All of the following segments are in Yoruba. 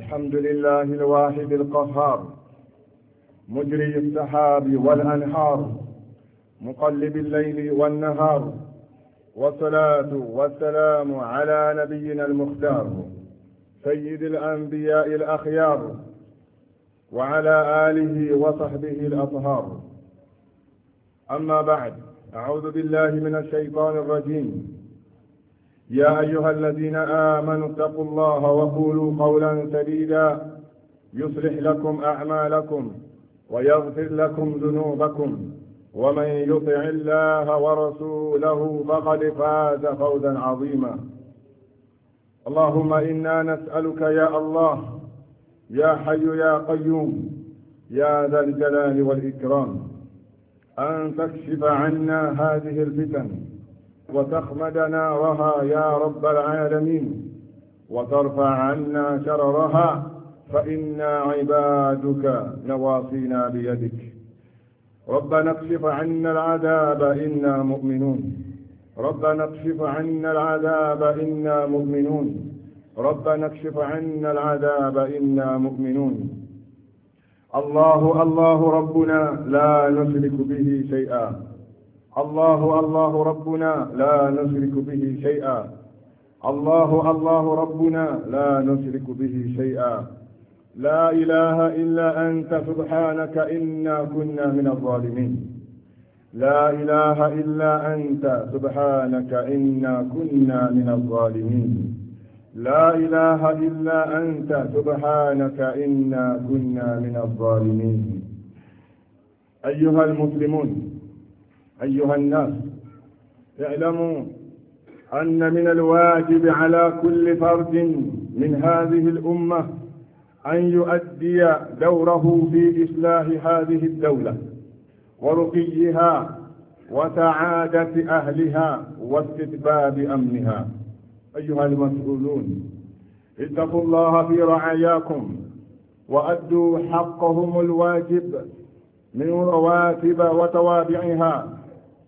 الحمد لله الواحد القهار مجري السحاب والأنهار مقلب الليل والنهار والصلاة والسلام على نبينا المختار سيد الأنبياء الأخيار وعلى آله وصحبه الأطهار أما بعد أعوذ بالله من الشيطان الرجيم يا أيها الذين آمنوا اتقوا الله وقولوا قولا سديدا يصلح لكم أعمالكم ويغفر لكم ذنوبكم ومن يطع الله ورسوله فقد فاز فوزا عظيما اللهم إنا نسألك يا الله يا حي يا قيوم يا ذا الجلال والإكرام أن تكشف عنا هذه الفتن وتخمد نارها يا رب العالمين وترفع عنا شررها فإنا عبادك نواصينا بيدك ربنا اكشف عنا العذاب إنا مؤمنون ربنا اكشف عنا العذاب إنا مؤمنون ربنا اكشف عنا العذاب إنا مؤمنون الله الله ربنا لا نشرك به شيئا الله الله ربنا لا نشرك به شيئا الله الله ربنا لا نشرك به شيئا لا إله إلا أنت سبحانك إنا كنا من الظالمين لا إله إلا أنت سبحانك إنا كنا من الظالمين لا إله إلا أنت سبحانك إنا كنا من الظالمين أيها المسلمون أيها الناس اعلموا أن من الواجب على كل فرد من هذه الأمة أن يؤدي دوره في إصلاح هذه الدولة ورقيها وسعادة أهلها واستتباب أمنها أيها المسؤولون اتقوا الله في رعاياكم وأدوا حقهم الواجب من رواتب وتوابعها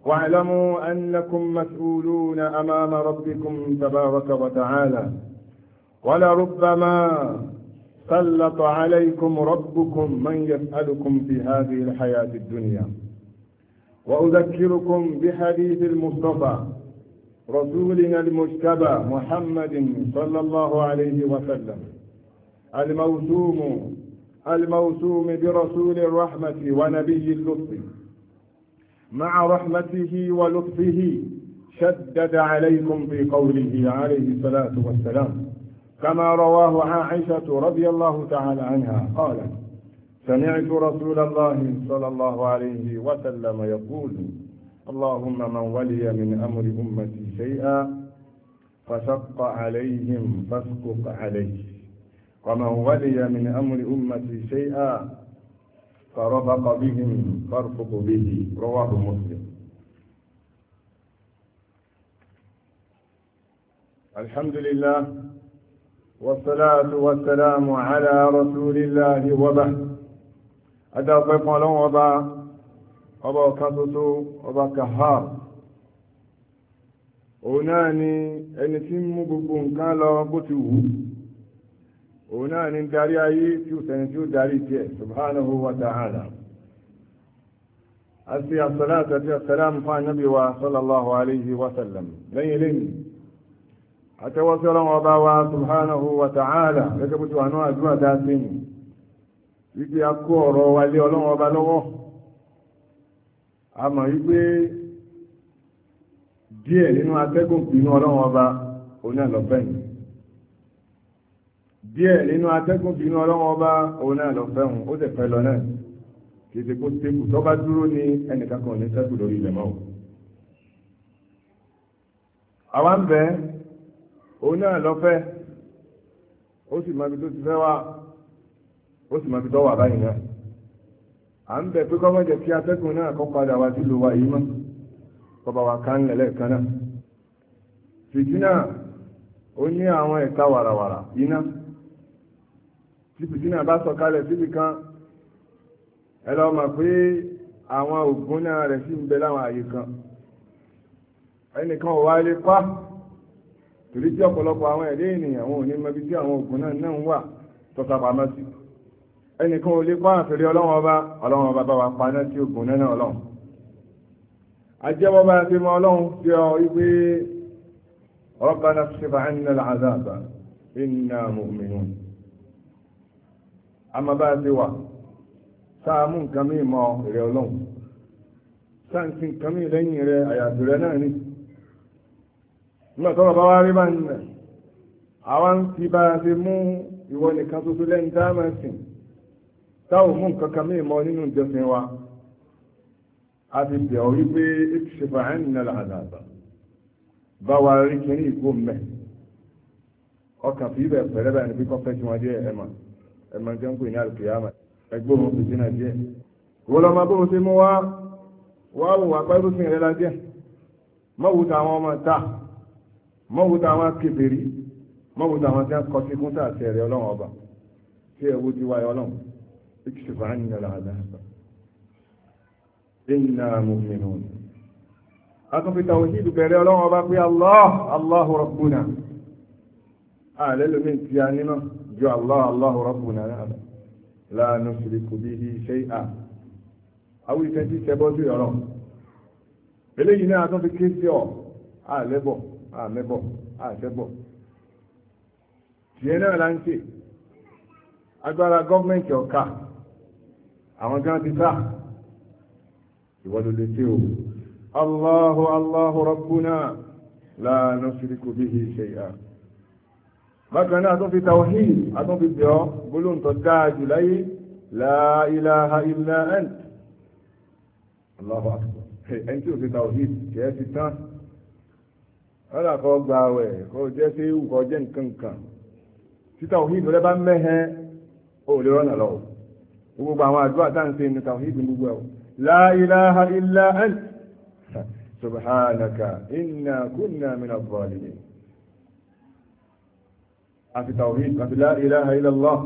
واعلموا أنكم مسؤولون أمام ربكم تبارك وتعالى ولربما سلط عليكم ربكم من يسألكم في هذه الحياة الدنيا وأذكركم بحديث المصطفى رسولنا المجتبى محمد صلى الله عليه وسلم الموسوم الموسوم برسول الرحمة ونبي اللطف مع رحمته ولطفه شدد عليكم في قوله عليه الصلاة والسلام كما رواه عائشة رضي الله تعالى عنها قالت سمعت رسول الله صلى الله عليه وسلم يقول اللهم من ولي من أمر أمتي شيئا فشق عليهم فاسقط عليه ومن ولي من أمر أمتي شيئا فربط بهم فارفق به رواه مسلم الحمد لله والصلاة والسلام على رسول الله وبعد أدعوكم الله وبا أبا كتسو أبا كهار òun náà ni ẹni tí ń mú òun náà ni darí ayé tí ó sẹni tí ó darí subhanahu wa ta'ala a sì as-salatu àti as fún wa sallallahu alayhi wa sallam lẹ́yìn lẹ́yìn àtẹwọ́sí wa subhanahu wa ta'ala gẹ́gẹ́ bó ti náà àdúrà dá sí ni wípé a kó ọ̀rọ̀ wa lé ọlọ́run a mọ̀ wípé díẹ̀ nínú atẹ́gùn oní díẹ̀ nínú atẹ́gùn bínú ọlọ́wọ́ bá òun náà lọ fẹ́hùn ó sì fẹ́ lọ náà kì í ṣe kó tẹ́kù tó bá dúró ní ẹnìkan kan ní sẹ́kù lórí ilẹ̀ mọ́ àwa ń bẹ́ òun náà lọ fẹ́ ó sì máa fi tó ti fẹ́ wá ó sì máa fi tọ́wọ́ àbáyìí náà à ń bẹ̀ pé kọ́ kí atẹ́gùn náà kọ́ padà wá sí ìlú wa yìí mọ́ kọ́ wa ká ń lẹ̀lẹ́ kan náà fìtínà ó ní àwọn ẹ̀ka wàràwàrà iná tí fìtínà bá sọ̀kalẹ̀ síbi kan ẹ lọ mọ̀ pé àwọn ògùn náà rẹ̀ sì ń bẹ láwọn àyè kan ẹnìkan ò wá ilé pa torí tí ọ̀pọ̀lọpọ̀ àwọn ẹ̀dẹ́ ènìyàn àwọn òní mẹ́bí tí àwọn ògùn náà náà ń wà tọ́tàpamọ́ sí ẹnìkan ò lè pa àfẹ́rí ọlọ́run ọba ọlọ́run ọba bá wa paná sí ògùn náà ọlọ́run ajẹ́wọ́ bá fi mọ ọlọ́run fi ọ wípé rabbana kashif anna al'azaba inna mu'minun àmọ́ bá ti wà sáà mú nǹkan mí mọ èrè ọlọ́run sáà sin nǹkan mí lẹ́yìn rẹ àyàtò rẹ náà ni nígbà tọ́rọ bá wá rí bá ń rẹ̀ àwa ń fi bá ti mú ìwọ nìkan tó tó lẹ́yìn tá a máa sìn táwọn mú nǹkan kan mí mọ nínú ìjọsìn wa a ti bẹ̀ ọ́ wípé ìṣèfà ẹ̀ ń nàlà àdàbà bá wa rí kiri ìkó mẹ́ ọkàn fi ibẹ̀ pẹ̀lẹ́bẹ̀ ní kíkọ́ fẹ́ kí wọ́n dé ẹ̀ máa ẹ̀mọ̀ tí ń pè ní alùpùpù ẹgbẹ́ òun fi sínú díẹ̀ wọ́n lọ́mọ bó ṣe mú wá wá wò wá pẹ́ rúfin rẹ̀ lájẹ́ mọ́wù táwọn ọmọ ta mọ́wù táwọn kébèrè mọ́wù táwọn tí wọ́n kọ́ sí kúńtà àti ẹ̀rẹ́ ọlọ́run ọba tí ẹ̀wù ti wáyé ọlọ́run ìkìsìfà ń yàn láàdá ìnà mùmìnún akọ́fi tàwọ̀hídù bẹ̀rẹ̀ ọlọ́run ọba pé Allah Allahu Rabbuna ààlẹ́lómi ti a nínú ju allah allahu na náà la nushriku bihi shay'an àwọn ìfẹ́ tí sẹ́bọ́ sí ọ̀rọ̀ eléyìí náà tó fi ké sí ọ̀ àlẹ́bọ̀ àmẹ́bọ̀ àṣẹ́bọ̀ tiẹ̀ náà la ń ṣe agbára gọ́ọ̀mẹ̀ntì ọ̀ka àwọn gan ti sá ìwọ́n ló lè ṣe o la nushriku bákan náà tó fi tawhid atún fi bẹ̀ọ́ gbólóhùn tó dáa jù láyé la ilaha illa ant Allahu akbar ẹni tí ò fi tawhid kì í ti tán ọ̀là kọ́ gba àwẹ̀ kó jẹ́ sí ìwùkọ́ jẹ́ nǹkan tí tawhid rẹ bá mẹ́hẹ́ ó lè rọ́nà lọ́wọ́ gbogbo àwọn àdúrà tá ń ṣe ní tawhid gbogbo ẹ̀ la ilaha illa subhanaka inna kunna min adh àti tawhid àti la ilaha illallah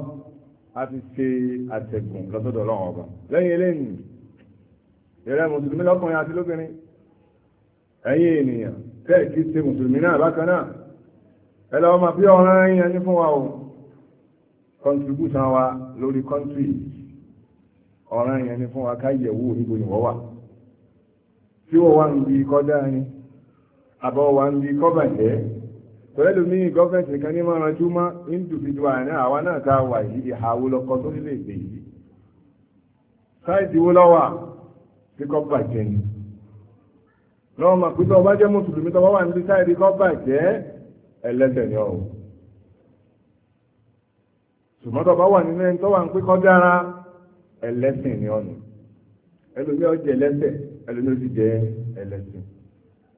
àti ṣe àtẹ̀gùn lọ́sọ̀dọ̀ ọlọ́run ọba lẹ́yìn eléyìí ìrẹ́ mùsùlùmí lọ́kùnrin àti lóbìnrin ẹ̀yin ènìyàn tẹ́ẹ̀kì ṣe mùsùlùmí náà bákan náà ẹlọ ọmọ bí ọ̀rán ẹ̀yìn ẹni fún wa o contribution wa lórí country ọ̀rán ẹ̀yìn ẹni fún wa káyẹ̀wò níbo ìwọ́ wà tí wọ́n wá ń bi kọ́ dáa ni àbọ̀ wá ń bi kọ́ bàjẹ́ tọ́lẹ́ lómi gọ́ọ̀mẹ̀ntì nìkan ní márùn ojú mọ́ individual náà àwa náà ta wà yìí ìhàwó lọ́kọ tó nílé ìgbè yìí sáìtì wo lọ́wà tí kọ́ bàjẹ́ ni lọ́wọ́ ma pé tọ́ bá jẹ́ mùsùlùmí tọ́wọ́ wà níbi sáìtì kọ́ bàjẹ́ ẹlẹ́sẹ̀ ni ọ̀hún ṣùgbọ́n tọ́ wà nínú ẹni tó ń pé kọ́ dára ẹlẹ́sìn ni ọ̀nà ẹlòmí ẹlẹ́sẹ̀ ẹlòmí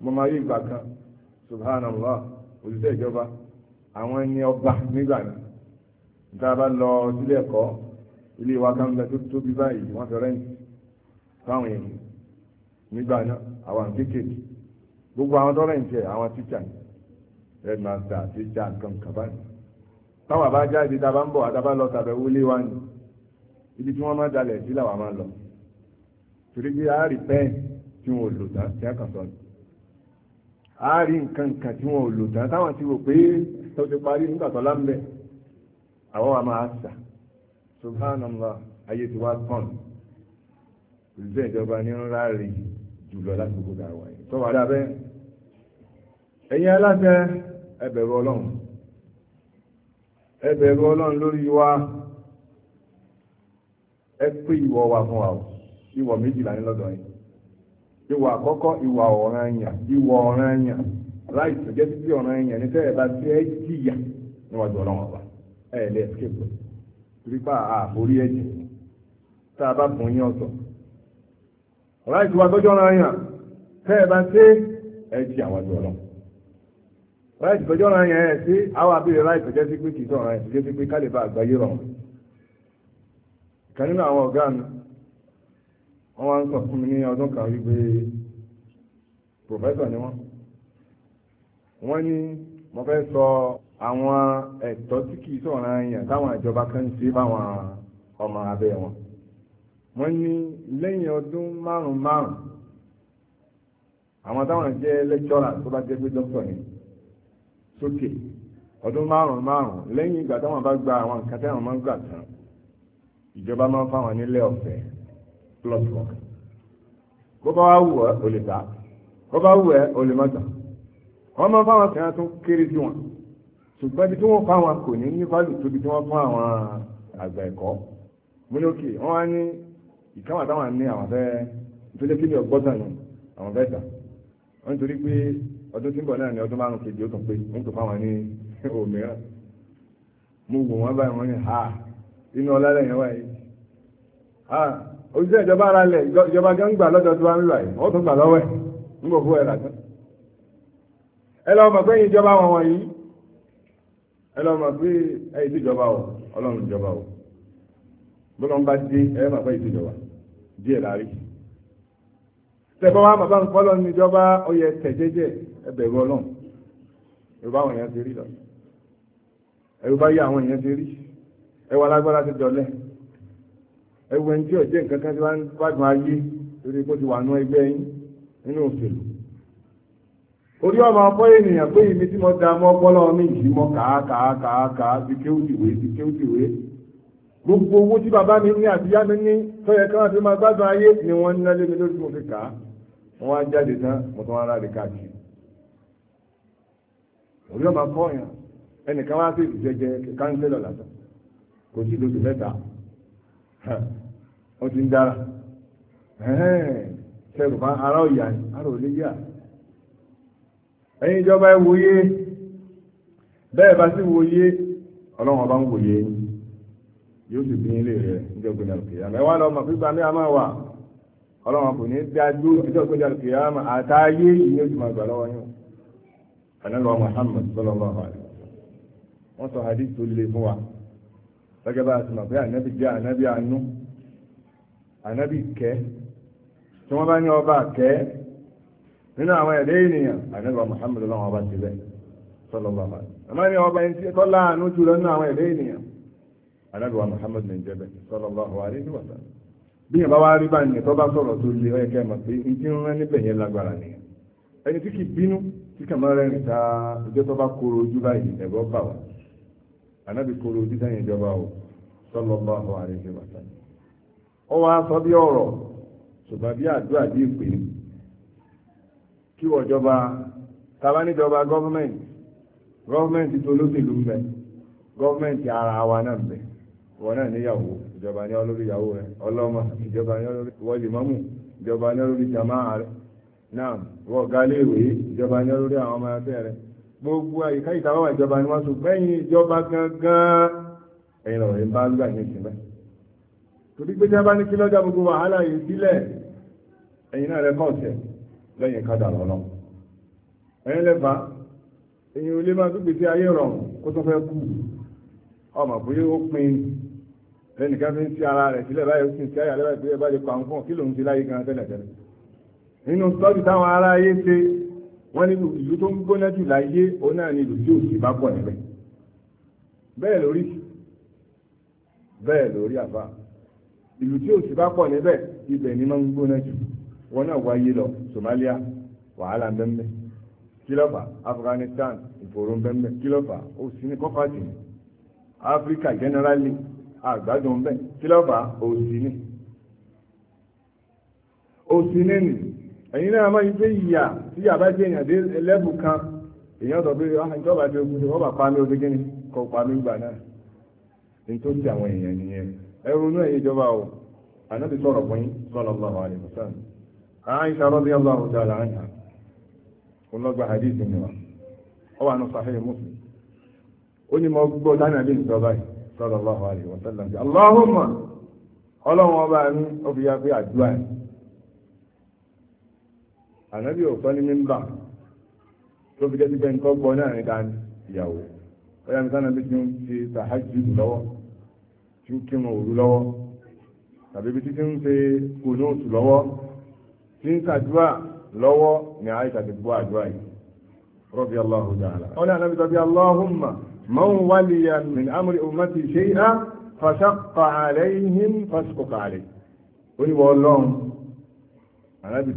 mo máa rí ìgbà kan subhanallah òṣìṣẹ́ ìjọba àwọn ẹni ọba nígbà ní tá a bá lọ sílé ẹ̀kọ́ ilé wa kan bẹ tó tóbi báyìí wọ́n fẹ́ rẹ́ǹtì fáwọn èèyàn nígbà náà àwọn kéékèèké gbogbo àwọn tó rẹ̀ǹtì ẹ̀ àwọn tíṣà ní headmaster tíṣà nǹkan kàbá ní táwọn àbá jáde tá a bá ń bọ̀ àtàbá lọ sàbẹ̀wò ilé wa ní ibi tí wọ́n máa dalẹ̀ sí làwọn máa lọ torí pé a rí pẹ́ẹ́n tí wọn lò tán a kàn sọ ní a rí nǹkan kan tí wọn ò lò tán táwọn ti rò pé tó ti parí nígbà tó lámbẹ àwọn wa máa sà subhanallah ayé ti wá tán olùsẹ́ ìjọba ní ńlá rí jùlọ láti gbogbo àwọn ẹ̀yìn tó wà dábẹ́ ẹ̀yin aláṣẹ ẹ ọlọ́run ẹ ọlọ́run lórí wa ẹ pé ìwọ wa fún wa ìwọ méjìlá ní lọ́dọ̀ yìí ìwà àkọ́kọ́ ìwà ọ̀ranyàn ìwà ọ̀ranyàn láì sọ̀jẹ́ títí ọ̀ranyàn ní tẹ́lẹ̀ bá tẹ́ ẹ́ jìyà níwájú ọlọ́run ọba ẹ̀ escape rípa àforí ẹ̀jẹ̀ a bá fún yín ọ̀tọ̀ wa sọ̀wá tọ́jú ọ̀ranyàn tẹ́lẹ̀ bá tẹ́ ẹ́ jì àwájú ẹ̀ sí àwọn kìí wọ́n wá ń sọ fún mi ní ọdún kan wípé pòfẹ́sọ̀ ni wọ́n wọ́n ní mo fẹ́ sọ àwọn ẹ̀tọ́ tí kìí sọ̀rọ̀ àyàn táwọn ìjọba kan ń ṣe fáwọn ọmọ abẹ́ wọn wọ́n ní lẹ́yìn ọdún márùn-ún márùn-ún àwọn táwọn jẹ́ lẹ́kọ́rà tó bá jẹ́ pé dókítà ni sókè ọdún márùn-ún márùn-ún lẹ́yìn ìgbà táwọn bá gba àwọn nǹkan táwọn máa ń gbà tán ìjọba máa ń fáwọn nílé ọ̀fẹ́ plus one bó bá wá wù ẹ́ o lè ta bó bá wù ẹ́ o lè má ta wọ́n máa fáwọn kan tó kéré sí wọn ṣùgbọ́n ibi tí wọ́n fáwọn kò ní ní fálù tóbi tí wọ́n fún àwọn àgbà ẹ̀kọ́ mo ní òkè wọ́n wá ní ìkáwọn àtàwọn ní àwọn fẹ́ tó lé kí ní ọgbọ́tà nù àwọn fẹ́ tà wọ́n nítorí pé ọdún tí ń bọ̀ náà ní ọdún márùn kejì ó tún pé ń tó fáwọn ní òmíràn mo wò wọ́n báyìí wọ́n ní ha inú ọlá lẹ́yìn wáyé ha òṣìṣẹ́ ìjọba ara lẹ̀ ìjọba gan lọ́dọ̀ tó wá ń wọ́n tún gbà lọ́wọ́ ń bò fún ẹ̀ lásán ẹ lọ ìjọba wọn wọ̀nyí ẹ lọ mọ̀ pé ẹ o ọlọ́run ìjọba o bọ́lọ́n bá dé ẹ mọ̀ pé ìdíjọba díẹ̀ láàrí tẹ́gbọ́n wa bàbá ń fọ́lọ́ níjọba ó yẹ tẹ̀jẹ́jẹ́ ẹ bẹ̀rù ọlọ́run ẹwọ ẹni tí ò jẹ́ nǹkan kan tí wọ́n bá dùn ayé lórí bó ti wà nú ẹgbẹ́ yín nínú òṣèlú orí ọmọ ọpọ ènìyàn pé ibi tí mo da mọ ọpọlọ mi yìí mọ kàá kàá kàá kàá bí kéwùdìwé bí kéwùdìwé gbogbo owó tí bàbá mi ní àbíyá mi ní tó yẹ káwọn fi máa gbádùn ayé ni wọ́n ń lálé mi lórí mo fi kàá wọ́n wá jáde tán mo tún wá ráre káàkiri orí ọmọ akọyàn ẹnìkan wá sí ìjẹjẹ kánsẹ́lọ̀ lásán kò sí ìdókè mẹ́ta ó ti ń dára ṣẹ́rù ara ọ̀yà ni ara yà ìjọba ẹ wòye bẹ́ẹ̀ bá wòye ọlọ́run ń wòye yóò sì bí ilé rẹ̀ lọ́mọ pípa a wà ọlọ́run kò ní àtàyé ìyẹn oṣù màgbà lọ́wọ́ yín lọ́wọ́ sọ hadith wa gẹ́gẹ́ bá a ti mọ̀ pé ànábì jẹ́ ànábì àánú ànábì kẹ́ tí wọ́n bá ní ọba kẹ́ nínú àwọn ẹ̀dẹ́ ènìyàn ànábì Muhammad lọ́wọ́ ọba ti bẹ́ sallallahu alaihi wasallam àmọ́ ní ọba ẹni tó láàánú jùlọ nínú àwọn ẹ̀dẹ́ ènìyàn ànábì Muhammad ní jẹ́bẹ̀ sallallahu alaihi wasallam bí yẹn bá wá rí báyìí tó bá sọ̀rọ̀ tó lé ọyẹ kẹ́ mọ̀ pé ní tí rán níbẹ̀ yẹn lágbára nìyẹn ẹni tí kì í bínú tí kàmá rẹ̀ nìta ọjọ́ tó bá kóró ojú báyìí ẹ̀gbọ́n bà wá ànábì kóró ojú sẹ́yìn ìjọba o sallallahu alaihi wasallam ó wá sọ bí ọ̀rọ̀ ṣùgbọ́n bí àdúrà bí ìpè kí wọ́jọba tàbá níjọba gọ́ọ̀mẹ̀ntì gọ́ọ̀mẹ̀ntì tó lóṣèlú ń bẹ gọ́ọ̀mẹ̀ntì ara wa náà ń bẹ wọn náà níyàwó ìjọba ní olórí ìyàwó rẹ ọlọ́mọ ìjọba ní mọ́mù ìjọba ní jamaa rẹ náà wọ́n gálé ìwé ìjọba gbogbo àyíká ìtawọ́wà ìjọba ni wọ́n sọ gbẹ́yìn ìjọba gangan ẹ̀yìn ọ̀rọ̀ ìbá ń gbà ní ìsinmi torí pé tí a bá ní kí lọ́jà gbogbo wàhálà yìí sílẹ̀ ẹ̀yìn náà rẹ kọ̀ọ̀tẹ̀ lẹ́yìn kádà lọ́nà ẹ̀yìn lẹ́fà ẹ̀yìn olè máa tó gbèsè ayé rọrùn kó tó fẹ́ kú ọmọ bóyá ó pin lẹ́nìkan fi ń ti ara rẹ̀ sílẹ̀ báyìí ó sì ń ti ayà lẹ́bàá ìgbéyàwó bá lè pa wọ́n ní ìlú tó ń gbóná jù láyé òun náà ni ìlú tí òṣì bá pọ̀ níbẹ̀ bẹ́ẹ̀ lórí bẹ́ẹ̀ lórí àbá ìlú tí òṣì bá pọ̀ níbẹ̀ ibẹ̀ ni máa ń gbóná jù wọn náà wáyé lọ Somalia wàhálà bẹ́ẹ̀ kílọ̀fà Afghanistan ìfòòró bẹ́ẹ̀ kílọ̀fà òsì ní kọ́fàtì Áfíríkà generally àgbàdùn bẹ́ẹ̀ kílọ̀fà òsì ní nìyí ẹ̀yin náà máa ń gbé ìyà tí ìyà bá gbé èèyàn dé ẹlẹ́bù kan èèyàn sọ pé ọ̀hún ìjọba dé ogun tí wọ́n bá pa mí gíní kọ́ pa gbà náà ní tó ti àwọn èèyàn nìyẹn ẹrù inú ẹ̀yìn sọ̀rọ̀ fún yín wa wà ó ànábì ọ̀pọ̀ ní mímbà tó fi jẹ́ sí pẹ́ńkọ́ gbọ́ náà ní dání ìyàwó ọ̀yà mi sánà bí tí ń ṣe sàhájì lọ́wọ́ tí ń kírun òru lọ́wọ́ tàbí bí tí ń ṣe kùnúùtù lọ́wọ́ tí ń ṣàdúrà lọ́wọ́ ní àìsà ti gbọ́ àdúrà yìí rọ́bì aláhùn dáhàlà ọ̀nà ànábì tàbí aláhùnmà man waliya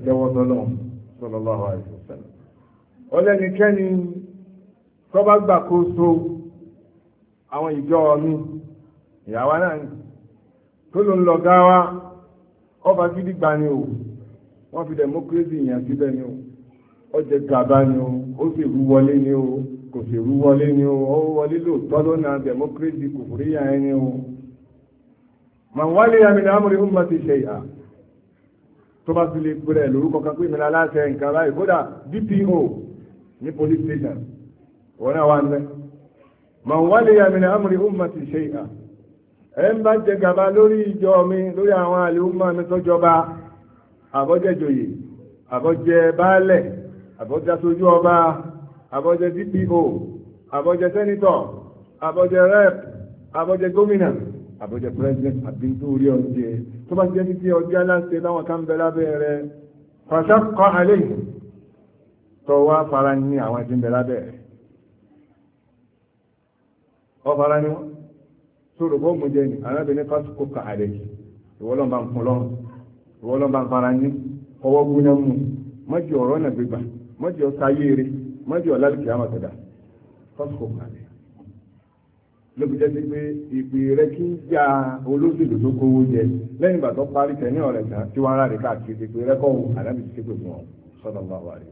tẹ́wọ́ sọ́lọ́run sallallahu alaihi wasallam ọlẹ́nikẹ́ni tó bá gbàkóso àwọn ìjọ mi ìyàwó náà tó ló ń lọ gáwá ọba gidi gba ni o wọ́n fi democracy yàn síbẹ̀ ni o ọjẹ́ gàba ni o ó sì rú wọlé ni o kò sì rú wọlé ni o ó wọlé lóòótọ́ lọ́nà democracy kò fúrí ẹni o màá wálé àmì amúrí ó máa ti ṣe ìhà tó bá tún lè pèrè lórúkọ kan pé ìmìnira aláṣẹ nǹkan báyìí kódà DPO ní police station wọn náà wà ń bẹ màá wá lè yàmìnà amúrí ummati shay'a ẹ ń bá jẹ gàba lórí ìjọ mi lórí àwọn àlè ọmọ mi tọjọba àbọjẹjòyè àbọjẹ baálẹ̀ àbọjẹ aṣojú ọba àbọjẹ DPO àbọjẹ sẹ́nitọ̀ àbọjẹ rep àbọjẹ gómìnà àbójẹ president àbí nítorí ọjẹ́ tó bá jẹ́ títí ọjọ́ aláṣẹ láwọn kan bẹ lábẹ́ rẹ̀ pàṣẹ kọ́ alẹ́ tó wá fara ní àwọn ẹ̀sìn bẹ lábẹ́ rẹ̀ ọ fara ní wọn tó rò bó mú jẹ ní arábìnrin pàṣẹ kọ́ kà alẹ́ ìwọ́lọ́mbà ń fún lọ́rùn ìwọ́lọ́mbà ń fara ní ọwọ́ gbóná mú mọ́jì ọ̀rọ̀ náà gbégbà mọ́jì ọ̀sáyé rẹ̀ mọ́jì ọ̀lálùkì àmọ̀tẹ̀dà pàṣẹ kọ́ kà alẹ́ ló fi jẹ́ sí pé ìpè rẹ kí ń ya olóṣèlú tó kówó jẹ lẹ́yìn ìgbà tó parí tẹ̀lé ọ̀rẹ́ tán tí wọ́n ara rẹ̀ káàkiri ìpè rẹ kọ́ òun àdábì ti ṣépè fún ọ sọ́dọ̀ bá wà rẹ̀.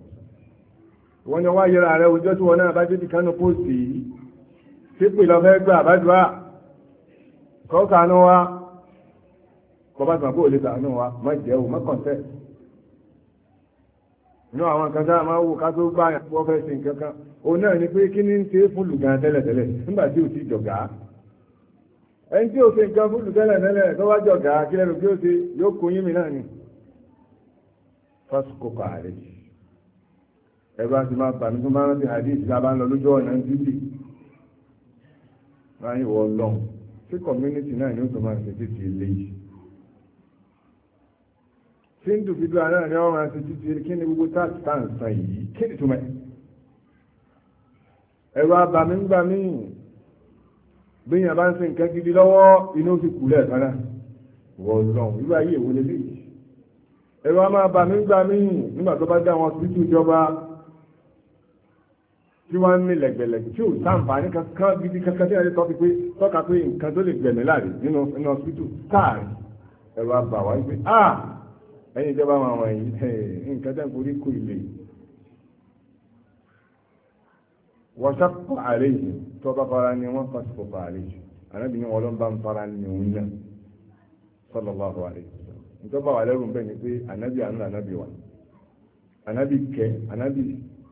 wọ́n ní wá yẹra rẹ ojú tí wọn náà bá débi kánú póòsì yìí ṣépè lọ fẹ́ gbà àbájúwà kọ́ kánú wa bọ́bá sàn kó o lè sàánú wa má jẹ́ o má kàn tẹ́ inú àwọn nǹkan a máa wò ká tó gbá wọ́n fẹ́ nǹkan kan o náà ni pé kí ní ń ṣe fún lùgán tẹ́lẹ̀tẹ́lẹ̀ nígbà tí ò ti jọ̀gá ẹni tí ò ṣe nǹkan fún lùtẹ́lẹ̀ tẹ́lẹ̀ tó wá jọ̀gá kí a bá ń lọ lójú ọ̀nà ń dídì máa ń wọ ọlọ́run tí náà ni ó tó máa ṣe tí ń dùbí dùn àná rẹ̀ ọ̀rọ̀ àti títí kí ni gbogbo tá à ń san yìí kí ni túmọ̀ ẹ̀rọ abàmì ń gbà mí gbìyàn bá ń sin nǹkan gidi lọ́wọ́ inú fi kù lẹ́ẹ̀kan náà wọ́n lọ́n irú ayé èwo lè léyìí ẹ̀rọ a máa bàmí ń gbà mí nígbà tó bá dá wọn títú ìjọba tí wọ́n ń ní lẹ̀gbẹ̀lẹ̀gbẹ̀ tí ò sáǹfààní kankan gidi kankan tí wọ́n lè tọ́ fi pé tọ́ka pé nǹkan tó lè gbẹ̀mí láàrin nínú ọsibítù káàrin ẹ̀rọ abàwá ń pè ẹ̀yin ìjọba àwọn àwọn yìí nǹkan tẹ́ kò rí ilé yìí fara ni wọ́n fàṣìpọ̀ pa anabi yìí ànábì fara ni òun náà sallallahu wà lẹ́rù bẹ́ẹ̀ ni pé ànábì àánú ànábì wà ànábì kẹ ànábì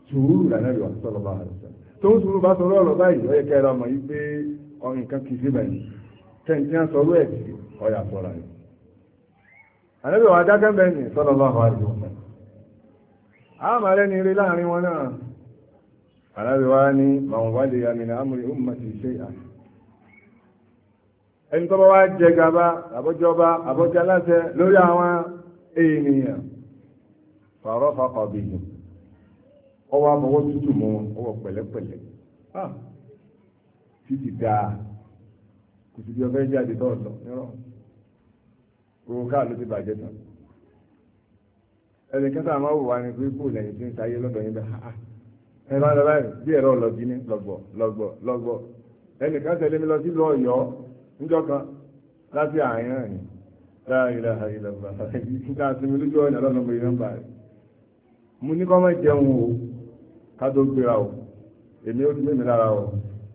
sùúrù ànábì wà sallallahu alaihi wasallam tó ń sùúrù bá sọ̀rọ̀ ọ̀rọ̀ báyìí ó yẹ kẹ́ ànábì wà dákẹ́ bẹ́ẹ̀ ni sallallahu alaihi wasallam àmà rẹ̀ ní rí láàrin wọn náà ànábì wá ní màwọn wálé àmìnà amri ummati shay'an ẹni tó wá jẹ gaba àbójọba àbójá láṣẹ lórí àwọn ènìyàn gbogbo káà ló ti bàjẹ́ tán ẹnì kẹta àmọ́ wò wá ní pé kò lẹ́yìn tí ń sáyé lọ́dọ̀ yín bẹ́ẹ̀ ha ah, ah, ẹ bá lọ báyìí bí ẹ̀rọ lọ́gí ní lọ́gbọ̀ lọ́gbọ̀ lọ́gbọ̀ ẹnì kan tẹ̀lé mi lọ sí lọ yọ níjọ́ kan láti àárín àárín láàrínlá àìlọ́gbà nígbà tí mi lójú ọ̀nà lọ́nà mi nọ́mbà rẹ̀ mo ní kọ́ mọ́ jẹun o ká tó gbéra o èmi ó ti lára o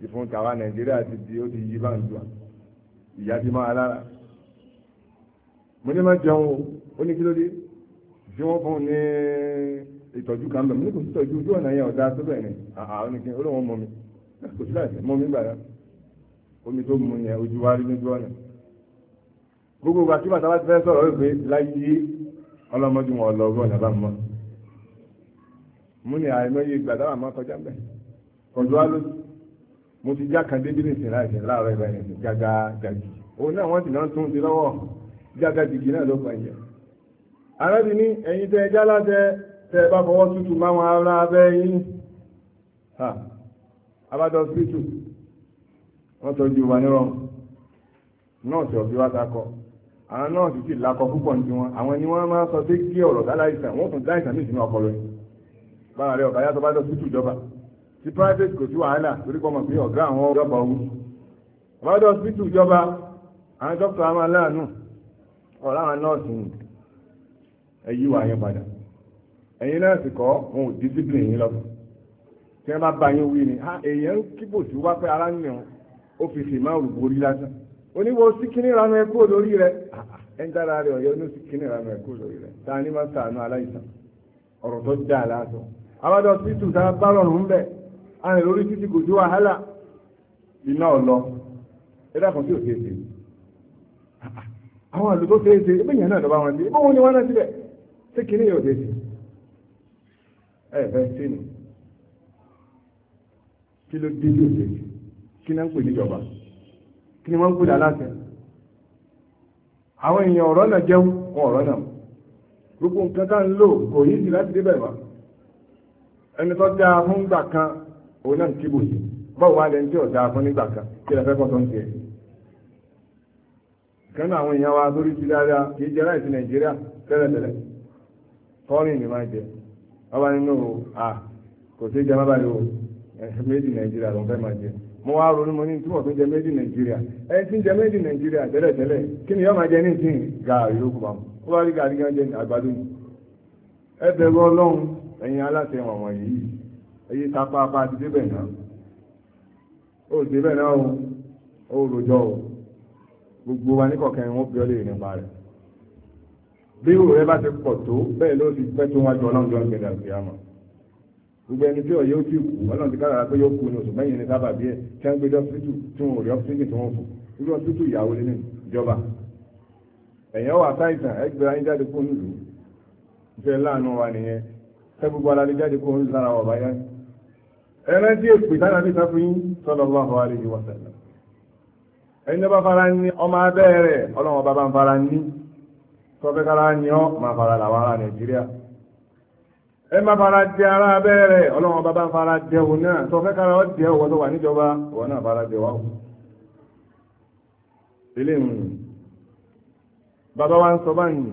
ìfún tàwa Nàìjíríà ti di ó ti yí bá ń dùn ìyá máa lára mo ní má jẹun o ó ní kí ló dé tí wọ́n fún un ní ìtọ́jú kan bẹ̀ mo ní kò sí ìtọ́jú ojú ọ̀nà yẹn ọ̀dà tó ni àhà ó ní kí ó lóun mọ mi kò sí láìsí mọ mi gbà yá omi tó mu yẹn ojú wa rí lójú ọ̀nà gbogbo ìgbà tí bàtà bá ti fẹ́ sọ̀rọ̀ wípé láyé ọlọ́mọdún wọn lọ ọgbọ́n nàbà mọ́ mo ní àìmọye ìgbà táwọn àmọ́ kọjá ń kọjú wa ló mo ti já kan débí nìsín láìsí láàárọ̀ jágajìgì náà ló pa ìyẹn arábì ní ẹ̀yin tẹ́ ẹjá látẹ tẹ́ bá fọwọ́ tútù máa wọn ara abẹ́ yín ha abájọ spiritu wọ́n tọ́jú wa nírọ̀rùn nọ́ọ̀sì ọ̀bí wa ta kọ àwọn nọ́ọ̀sì sì lakọ púpọ̀ ní wọn àwọn ni wọ́n máa sọ pé kí ọ̀rọ̀ dáláìsàn wọ́n tún dáìsàn ní ìsinmi ọpọlọ yìí bára rẹ ọ̀gá yàtọ̀ bá lọ spiritu ìjọba ti private kò sí wàhálà torí pọ́mọ̀ pé ọ̀gá àwọn ọjọ́ bá wú ọ̀gá ọjọ́ spiritu ìjọba àwọn dókítà máa láàánú ọ̀rá nọ́ọ̀sì ni ẹ yẹn padà ẹ̀yin náà sì kọ́ wọn discipline ba yín wí ni ha ah, èèyàn kíbò tí wọ́n pẹ́ ara nìyẹn ó fi sì máa rù borí lásán oníwọ̀ síkíní ìranú ẹ̀ kúrò lórí rẹ̀ ah, ah, ẹ̀ńtàrà rẹ̀ ọ̀yọ́ ní ni máa sàánú aláìsàn ọ̀rọ̀ tó dá aláàtọ̀ abájọ títù tá a bá rọrùn ń lórí kò sí wàhálà iná àwọn àlù tó ṣe é ṣe ebí ìyẹn náà lọ́ba wọn ní ibú wọn ni wọ́n náà síbẹ̀ ṣé kìíní yóò é é ṣe kí náà ń pè níjọba kí ni wọ́n ń pè láláṣẹ àwọn èèyàn ọ̀rọ̀ náà jẹun wọn ọ̀rọ̀ náà gbogbo nǹkan tá ń lò kò yí sí láti débẹ̀ wá ẹni tó dáa fún gbà kan òun náà kíbù yìí báwo wá lẹni tí ò dáa fún nígbà kan kí lè fẹ́ tó ń tiẹ̀ ìkànnà àwọn èèyàn wa lórí ti dáadáa kì í jẹ láìsí nàìjíríà tẹ́lẹ̀tẹ́lẹ̀ kọ́rin ni máa jẹ ọba nínú à kò o méjì nàìjíríà ló ń fẹ́ máa jẹ mo wá ronú mo ní túbọ̀ tó jẹ méjì nàìjíríà ń jẹ méjì nàìjíríà tẹ́lẹ̀tẹ́lẹ̀ kí ni yóò máa jẹ ní ìsìn gààrí ló kù bá mu ó bá rí gààrí gan jẹ àgbàdo ni ẹ bẹ̀rù ọlọ́run ẹ̀yin aláṣẹ wọ̀nwọ̀n yìí gbogbo wa ní kọ̀kẹ́ wọn bí ọ lè nípa rẹ̀ bí ìwò rẹ bá ti pọ̀ tó bẹ́ẹ̀ ló ti pẹ́ tó wájú ọlọ́run jọ gbẹ̀dẹ̀ àti àmọ́ gbogbo ẹni tí ọ̀yẹ́ ó ti kú ọlọ́run ti kára pé yóò kú ní oṣù mẹ́yìn ní sábà bí ẹ̀ tí wọ́n gbé dé ọ́sítù tí wọn ò rí ọ́sítù tí wọ́n fò irú ọ́sítù ìyàwó lé nínú ìjọba ẹ̀yàn wà sáìsàn ẹgbẹ́ ayé jáde kó nílùú ìfẹ́ láàánú wa nìyẹn tẹ́ gbogbo aládé jáde kó nílùú lára wà báyá ẹ̀rẹ́ tí èpè sára bí sáfún yín sọ́dọ̀ ẹni bá fara ní ọmọ abẹ́rẹ̀ ọlọ́wọ́n bá bá ń fara ní tọ́fẹ́kára ní ọ́ máa fara làwọn ará nàìjíríà ẹ má fara jẹ ara abẹ́rẹ̀ ọlọ́wọ́n bá bá ń fara jẹun náà tọ́fẹ́kára ọ́ jẹ́ ọwọ́ tó wà níjọba ọwọ́ náà fara jẹ wá ilé ìrìn bàbá wa ń sọ bá yìí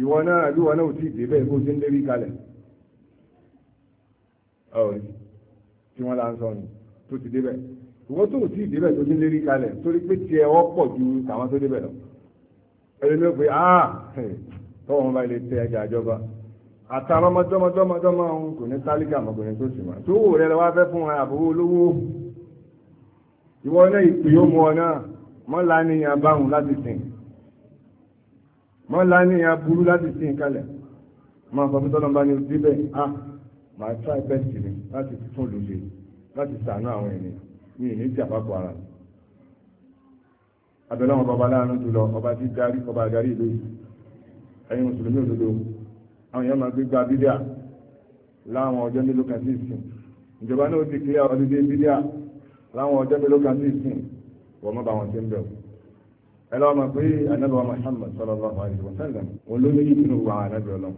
ìwọ náà àbí wọn náà ò tí ì dé bẹ́ẹ̀ kó ṣe ń lérí kalẹ̀ ọ̀rẹ́ tí wọ́n là ń sọ tó ti dé wọ́n tó tí ìdíbẹ̀ tó ti lérí kalẹ̀ torí pé tí ẹ wọ́pọ̀ ju tàwọn tó débẹ̀ lọ ẹni ló pe ah tọ́wọ́ wọn bá ilé tẹ ẹja àjọba àtàwọn ọmọ dọ́mọdọ́mọdọ́mọ ọ̀hún kò ní tálíkà ọmọkùnrin tó sì mà tó wò rẹ wá fẹ́ fún àbúrò olówó ìwọ náà ìpè ó mu ọ náà mọ́ láníyàn báhùn láti sìn mọ́ láníyàn burú láti sìn kalẹ̀ máa sọ fún tọ́lọ́mbá ní ojú bẹ́ẹ̀ ah màá try best mi láti fún lòlè láti sàánú àwọn ènìyàn mi ní jàpapọ̀ ara mi abẹ́lọ́wọ̀n bàbá láàánú jùlọ ọba tí darí ọba àdarí ìlú yìí ẹ̀yin mùsùlùmí òdodo àwọn èèyàn máa gbégbá bídíà láwọn ọjọ́ mélòó kan sí ìsìn ìjọba náà ti kílẹ̀ ọdídé bídíà láwọn ọjọ́ mélòó kan sí ìsìn wọ́n má bá wọn ṣe ń bẹ̀rù ẹ lọ́wọ́ máa pé anábì wa Muhammad sallallahu alaihi wa sallam òun ló ní ìdùnnú wa anábì ọlọ́run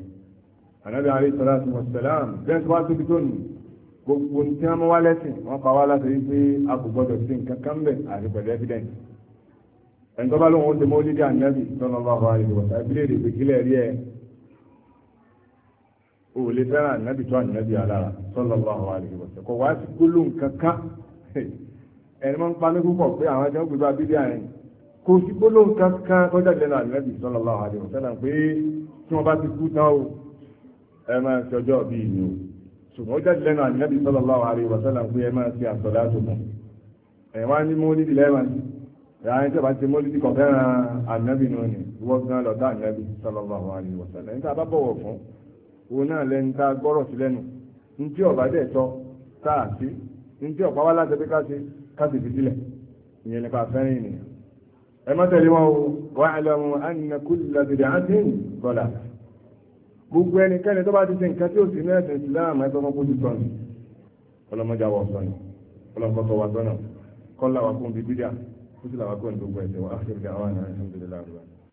anábì alaihi salatu wa salam bẹ́ẹ̀ gbogbo tí wọ́n mú wá lẹ́sìn wọ́n pa wá láti rí pé a kò gbọ́dọ̀ sí nǹkan kan bẹ̀ àti pẹ̀lú evidence ẹni tó bá lóun ó ṣe mọ́ lídìí ànábì tọ́nà bá wà ìlú wọ̀tá ìbílẹ̀ èdè ìpìlẹ̀ rí ẹ o lè fẹ́ràn ànábì tó ànábì alára tọ́nà bá wà ìlú wọ̀tá kò wá sí gbólóhùn kankan ẹni máa ń pa ní púpọ̀ pé àwọn ẹjọ́ gbé bá bíbí àárín kò sí gbólóhùn kankan kọjá lẹ́nu ànábì tọ́nà bá wà ìlú wọ̀tá pé tí wọ́n bá ti kú tán o ẹ máa ṣọjọ́ bíi ni ṣùgbọ́n jáde lẹ́nu ànábì sallallahu alaihi wa sallam ẹ máa ṣe àsọ̀dá àtòkùn ẹ̀yìn wá ní mólídì lẹ́wọ̀n ya ẹni a dị ti mólídì kọ̀ fẹ́ràn ànábì náà ni wọ́n gan lọ́dá ànábì sallallahu alaihi wa a bá bọ̀wọ̀ fún òun náà lẹ́ni tá a gbọ́rọ̀ sí lẹ́nu tí ọ̀bá dẹ̀ tọ́ tá a tí ọ̀pá gbogbo ẹnikẹ́ni tó bá ti ṣe nǹkan tí ó sì ní ẹ̀sìn Islam ẹ̀sọ́ fún kójú sọnù ọlọ́mọdé àwọn sọnù ọlọ́mọkọ́sọ wa sọnù kọ́lá wa kún bíbí dà kó sì làwọn kọ́ ní gbogbo ẹ̀sẹ̀ wa á fi rí àwọn àná alhamdulillah